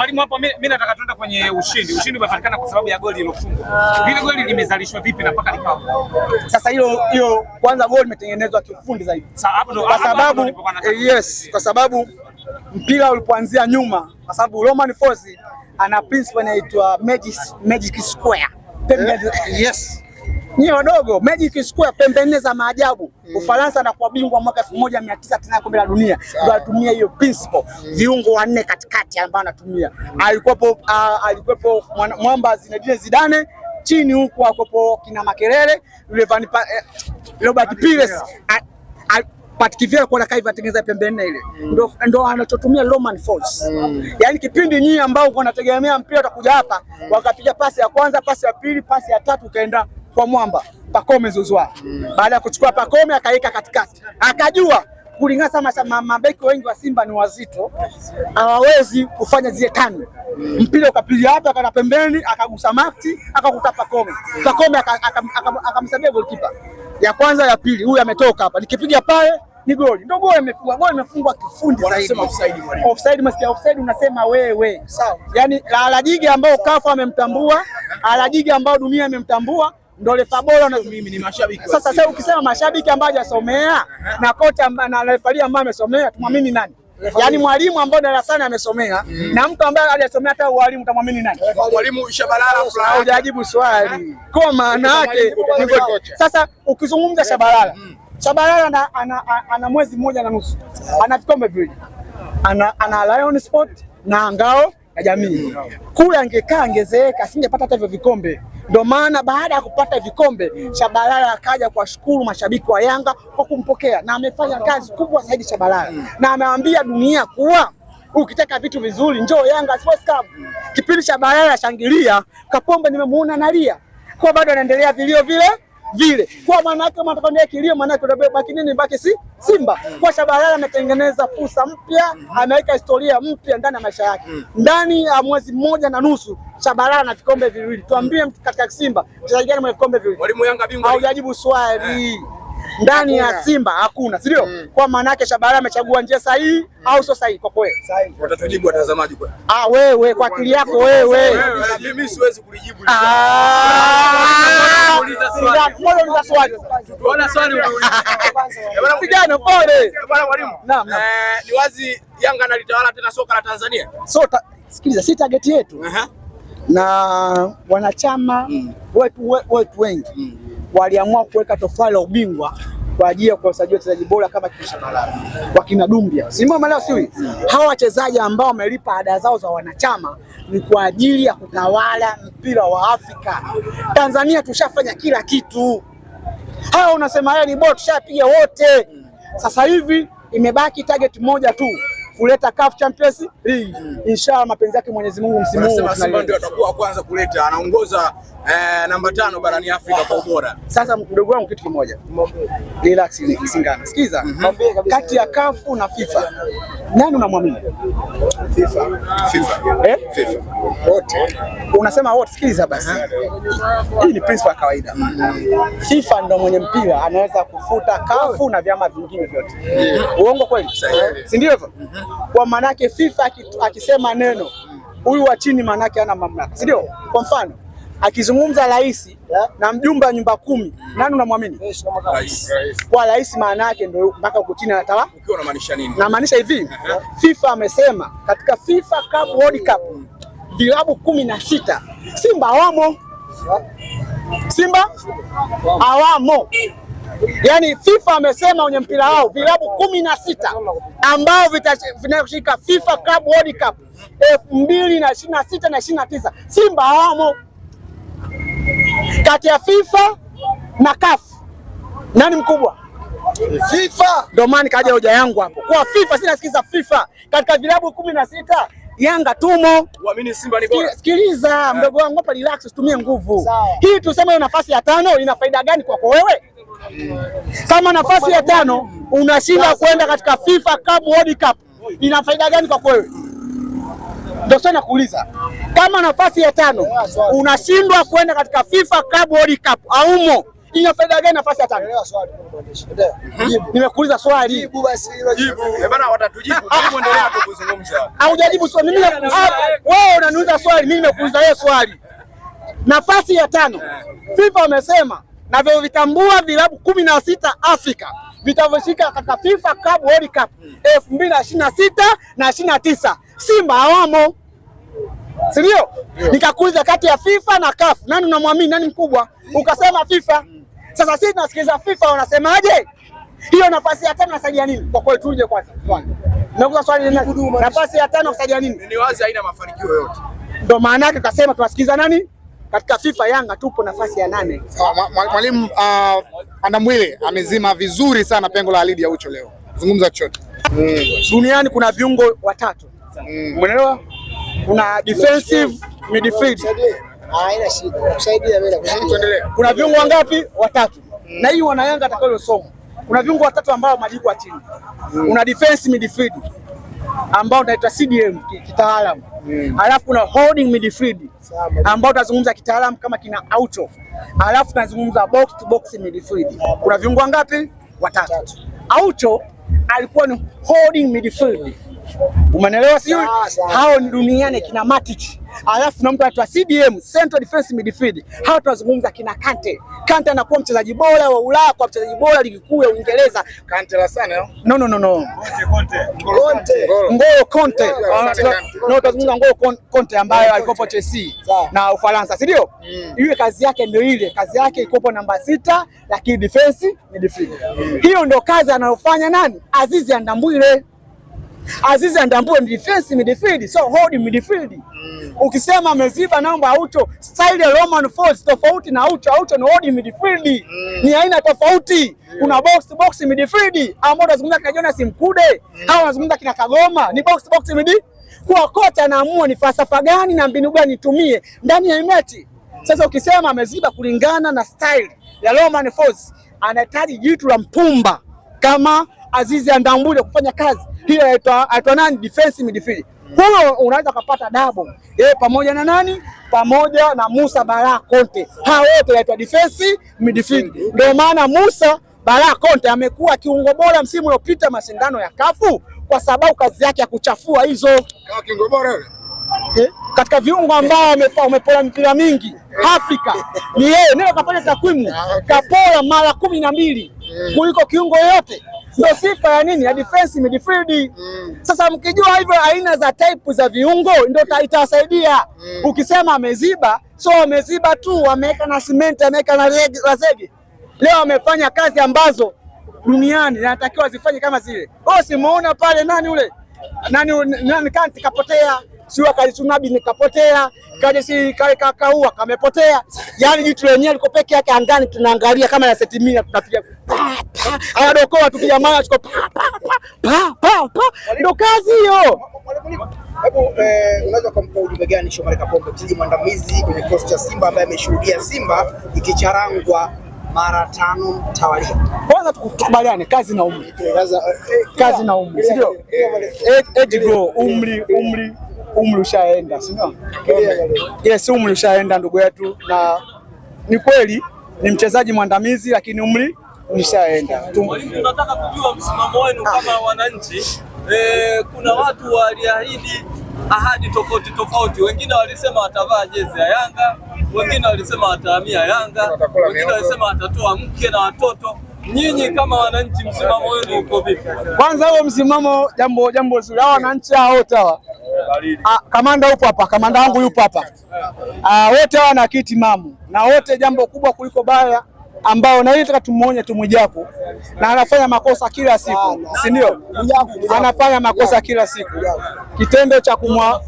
mwalimu, hapo mimi nataka tuenda kwenye ushindi. Ushindi umepatikana kwa sababu ya goli lilofungwa. Vile goli limezalishwa vipi na mpaka likawa sasa? Hilo hiyo kwanza, goli limetengenezwa kiufundi zaidi, kwa sababu eh, yes, kwa sababu mpira ulipoanzia nyuma, kwa sababu Romain Folz ana principle inaitwa magic, magic square. Eh, yes nyie wadogo, Magic Square, pembe nne za maajabu mm. Ufaransa na kwa bingwa mwaka 1990 kombe la dunia, ndio alitumia hiyo principle mm. viungo wanne katikati ambao anatumia mm. alikuwepo, uh, alikuwepo mwamba Zinedine Zidane chini huko akopo kina Makelele yule Van eh, Robert Pires kwa nakai vatengeneza pembe nne ile mm. ndo, ndo anachotumia Roman force mm. Yaani kipindi nyinyi ambao uko nategemea mpira utakuja hapa mm. wakapiga pasi ya kwanza, pasi ya pili, pasi ya tatu ukaenda kwa mwamba Pakome Zouzoua mm. Baada ya kuchukua Pakome akaweka katikati, akajua kulingana sana mabeki wengi wa Simba ni wazito, hawawezi kufanya zile tani mm. Mpira ukapiga hapa, akana pembeni, akagusa mati, akakuta Pakome Pacome. Pacome akamsaidia goalkeeper ya kwanza, ya pili, huyu ametoka hapa, nikipiga pale ni goli ndio goli imefungwa. Goli imefungwa kifundi zaidi. Offside, offside, msikia offside, unasema wewe sawa. Yani la ambao kafu amemtambua, la ambao dunia amemtambua ndio refa bora. Sasa sasa ukisema mashabiki ambaye hajasomea na kocha na refa ambaye amesomea, tumwamini nani? Yaani mwalimu ambaye darasani amesomea mm. na mtu ambaye hajasomea hata ualimu, utamwamini nani? Mwalimu Shabalala fulani Hujajibu swali kwa maana yake. Sasa ukizungumza Shabalala, mm. Shabalala ana mwezi mmoja na nusu, ana vikombe viwili, ana Lion Sport na Ngao ya Jamii. Mm. Kule angekaa angezeeka, asingepata hata hivyo vikombe. Ndio maana baada ya kupata vikombe, Shabalala akaja kuwashukuru mashabiki wa Yanga kwa kumpokea, na amefanya kazi kubwa zaidi Shabalala, na amewaambia dunia kuwa ukitaka vitu vizuri njoo Yanga Sports Club. Kipindi Shabalala shangilia, Kapombe nimemuona nalia, kwa bado anaendelea vilio vile vile. Kwa maana yake kama atakwambia kilio, maana yake baki nini? Baki si Simba. Kwa Shabalala ametengeneza fursa mpya, ameweka historia mpya ndani ya maisha yake. Ndani ya mwezi mmoja na nusu Shabalala na vikombe viwili. Tuambie mtu katika Simba mchezaji gani mwenye vikombe viwili? Mwalimu Yanga bingwa. Haujajibu swali ndani ya Simba hakuna, si ndio? Mm. Kwa maana yake Shabalala amechagua njia sahihi mm. au sio sahihi? Kwa kweli sahihi, watatujibu watazamaji kwa ah, wewe kwa akili yako wewe, mimi siwezi kulijibu vijana. Ah. Eh, pole eh, eh, ni wazi, Yanga analitawala tena soka la Tanzania. So sikiliza, si target yetu na wanachama mm. wetu wetu wengi mm waliamua kuweka tofali la ubingwa kwa ajili ya kuwasajili wachezaji bora kama kisha Malawi, wakina Dumbia, si Malawi siwi. Hawa wachezaji ambao wamelipa ada zao za wanachama ni kwa ajili ya kutawala mpira wa Afrika. Tanzania tushafanya kila kitu. Hawa unasema yeye ni bora, tushapiga wote. Sasa hivi imebaki target moja tu kuleta CAF Champions League. Inshallah mapenzi yake Mwenyezi Mungu msimu huu Simba ndio atakuwa kwanza kuleta, anaongoza eh, namba tano barani Afrika kwa ubora. Sasa mdogo wangu kitu kimoja. Relax ni Sikiza. Mm -hmm. Kati ya Kafu na FIFA nani unamwamini? FIFA. FIFA. Eh? FIFA. Wote. Unasema wote, sikiza basi. Mhm. Hii ni principle ya kawaida. Mm -hmm. FIFA ndo mwenye mpira anaweza kufuta Kafu na vyama vingine vyote. Yeah. Mhm. Uongo kweli? Eh, si ndio hivyo? Mm -hmm. Kwa maana yake FIFA akisema neno huyu wa chini maana yake hana mamlaka. Si ndio? Kwa mfano akizungumza rais na mjumbe wa nyumba kumi, nani unamwamini? Kwa rais, maana yake ndio mpaka uko chini anatawa. Namaanisha hivi, FIFA amesema katika FIFA Cup World Cup vilabu kumi na sita Simba awamo Simba awamo, yaani FIFA amesema kwenye mpira wao vilabu kumi na sita ambao vinashika FIFA Cup World Cup elfu mbili na ishirini na sita na ishirini na tisa Simba awamo kati ya FIFA na CAF nani mkubwa? FIFA. Ndio maana kaja hoja yangu hapo kwa FIFA, sinasikiza FIFA katika vilabu kumi na sita Yanga tumo. Uamini Simba ni bora. Sikiliza eh. mdogo wangu hapa, relax, usitumie nguvu hii. Tuseme nafasi ya tano ina faida gani kwako wewe? Kama nafasi ya tano unashinda kwenda katika FIFA Cup World Cup ina faida gani kwako wewe? Ndio sasa nakuuliza, kama nafasi ya tano unashindwa kwenda katika FIFA Club World Cup aumo, ina faida gani nafasi ya tano? Hmm? Nimekuuliza swali, jibu basi jibu. Eh bana, watatujibu endelea tu kuzungumza. Haujajibu swali, mimi ah, wewe unaniuliza swali, mimi nimekuuliza yeye swali. Nafasi ya tano eh. FIFA wamesema na vyo vitambua vilabu kumi na sita Afrika vitavyoshika katika FIFA Club World Cup hmm. elfu mbili na ishirini na sita na ishirini na tisa Simba hawamo, si ndio? Nikakuuliza kati ya FIFA na CAF nani unamwamini, nani mkubwa? Ukasema FIFA. Sasa sisi tunasikiliza FIFA, wanasemaje? Hiyo nafasi ya tano nasaidia nini? Kwa kweli tuje kwanza nakuza swali, nafasi ya tano kusaidia nini? Ni wazi haina mafanikio yoyote. ndio maana yake kasema tunasikiliza nani katika FIFA Yanga tupo nafasi ya nane. Mwalimu uh, ah, Andambwile amezima vizuri sana pengo la alidi ya Ucho leo, zungumza chochote. Mm. Duniani kuna viungo watatu Mm. Umeelewa? Kuna defensive midfield. Haina shida. Kusaidia mimi nakusaidia. Kuna viungo wangapi? Watatu. Mm. Na hii wana Yanga atakayosoma. Kuna viungo watatu ambao majibu ya chini. Mm. Una defense midfield ambao unaitwa CDM kitaalamu. Alafu kuna holding midfield ambao tunazungumza kitaalamu kama kina auto. Alafu tunazungumza box to box midfield. Kuna viungo wangapi? Watatu. Auto alikuwa ni holding midfield. Umanelewa sijui? Ah, Hao ni duniani kina Matic. Alafu na mtu anaitwa CDM, Central Defense Midfield. Hao tunazungumza kina Kante. Kante anakuwa mchezaji bora wa Ulaya kwa mchezaji bora ligi kuu ya Uingereza. Kante la sana yo. No no no no. Conte Ngolo Conte. No tunazungumza Ngolo Conte ambaye alikopo Chelsea na Ufaransa, si ndio? Mm. Ile kazi yake ndio ile. Kazi yake ikopo namba sita lakini defense midfield. Hiyo ndio kazi anayofanya nani? Azizi Andambwile. Azizi andambue mdefense midfield, so hold midfield. Mm. Ukisema ameziba namba aucho, style ya Roman Force tofauti na aucho, aucho ni hold midfield. Mm. Ni aina tofauti. Yeah. Una box to box midfield, ambao unazungumza kina Jonas Mkude, mm. au unazungumza kina Kagoma, ni box to box midfield. Kwa kocha anaamua ni falsafa gani na mbinu gani nitumie ndani ya mechi. Sasa ukisema ameziba kulingana na style ya Roman Force, anahitaji jitu la mpumba kama Azizi Andambule kufanya kazi hiyo, aitwa nani, defense midfield. Huyo unaweza kupata double yeye pamoja na nani, pamoja na Musa Bara Conte. Hao wote aitwa defense midfield, ndio maana Musa Bara Conte amekuwa kiungo bora msimu uliopita mashindano ya kafu kwa sababu kazi yake ya kuchafua hizo kiungo bora yule eh? katika viungo ambao wamepola mipira mingi Afrika ni yeye. Ndio kafanya takwimu, ah, kapola mara kumi na mbili kuliko kiungo yote, ndio sifa ya nini ya defense midfield. Mm. Sasa mkijua hivyo aina za type za viungo ndio itawasaidia. Mm. Ukisema ameziba, so wameziba tu, ameweka na simenti, ameweka na zege. Leo amefanya kazi ambazo duniani natakiwa zifanye kama zile. Wewe oh, simuona pale nani ule nani nani kanti kapotea siwa kalisunabi nikapotea, kaje si kae kakaua kamepotea. Yani jitu lenyewe liko peke yake angani, tunaangalia kama na setimia, tunapiga anadokoa, tukija mara tuko pa pa pa pa pa, ndo kazi hiyo. Hebu eh, unaweza kumpa ujumbe gani Shomari Kapombe, mchezaji mwandamizi kwenye kikosi cha Simba ambaye ameshuhudia Simba ikicharangwa mara tano mtawalia. Kwanza tukubaliane kazi na umri, eh, eh, kazi na umri, sio eh, grow, umri umri umri ushaenda, Yes, umri ushaenda ndugu yetu, na ni kweli ni mchezaji mwandamizi, lakini umri ushaenda. Tunataka kujua msimamo wenu kama wananchi. Eh, kuna watu waliahidi ahadi tofauti tofauti, wengine walisema watavaa jezi ya Yanga, wengine walisema watahamia Yanga, wengine walisema watatoa mke na watoto. Nyinyi kama wananchi, msimamo wenu uko vipi? Kwanza huo msimamo, jambo jambo zuri. Hao wananchi hao tawa Ah, kamanda yupo hapa, kamanda wangu yupo hapa. Ah, wote hawa na kiti mamu na wote, jambo kubwa kuliko baya ambao na hili nataka tumuonye tu Mwijaku, na anafanya makosa kila siku, si ndio? Anafanya makosa kila siku. Kitendo cha kumwa,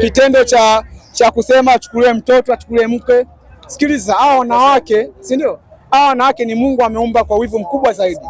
kitendo cha cha kusema achukulie mtoto achukulie mke. Sikiliza, hao wanawake, si ndio? Hao wanawake ni Mungu ameumba kwa wivu mkubwa zaidi.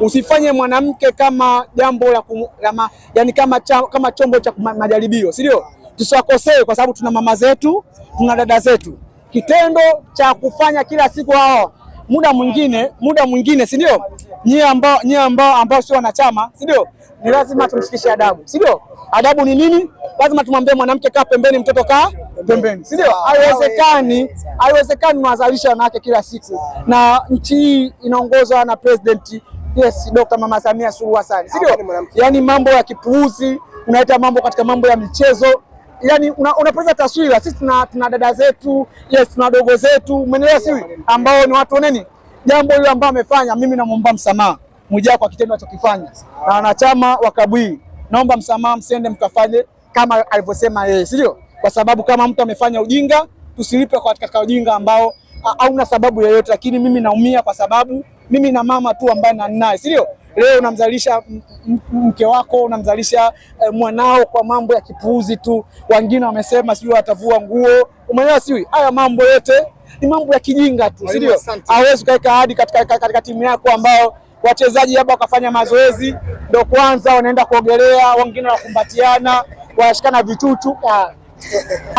Usifanye mwanamke kama jambo la kama, yani kama, cha, kama chombo cha majaribio, si ndio? Tusiwakosee kwa sababu tuna mama zetu, tuna dada zetu. Kitendo cha kufanya kila siku hao muda mwingine muda mwingine, si ndio? Nyie ambao nyie ambao ambao sio wanachama, si ndio? Ni lazima tumshikishe adabu, si ndio? Adabu ni nini? Lazima tumwambie mwanamke kaa pembeni, mtoto kaa pembeni, si ndio? Haiwezekani, haiwezekani mwazalisha wanawake kila siku, na nchi hii inaongozwa na president yes, Dr. Mama Samia Suluhu Hassan, si ndio? Yani mambo ya kipuuzi unaita mambo katika mambo ya michezo yani unapoteza una taswira. Sisi tuna dada zetu yes, tuna dogo zetu, umeelewa, si ambao ni watu nini, jambo hilo ambao amefanya, mimi namwomba msamaha Mwijaku kwa kitendo alichokifanya, na wanachama wa klabu hii naomba msamaha, msiende mkafanye kama alivyosema yeye, sio kwa sababu kama mtu amefanya ujinga, tusilipe katika ujinga ambao hauna sababu yoyote, lakini mimi naumia kwa sababu mimi na mama tu ambaye na naye, si ndio? Leo unamzalisha mke wako unamzalisha eh, mwanao kwa mambo ya kipuuzi tu. Wengine wamesema sijui watavua nguo, umeelewa? Sijui haya mambo yote ni mambo ya kijinga tu, si ndio? Hawezi ukaweka ahadi katika, katika timu yako ambayo wachezaji labda wakafanya mazoezi ndio kwanza wanaenda kuogelea, wengine wanakumbatiana, wanashikana vitutu. Ah.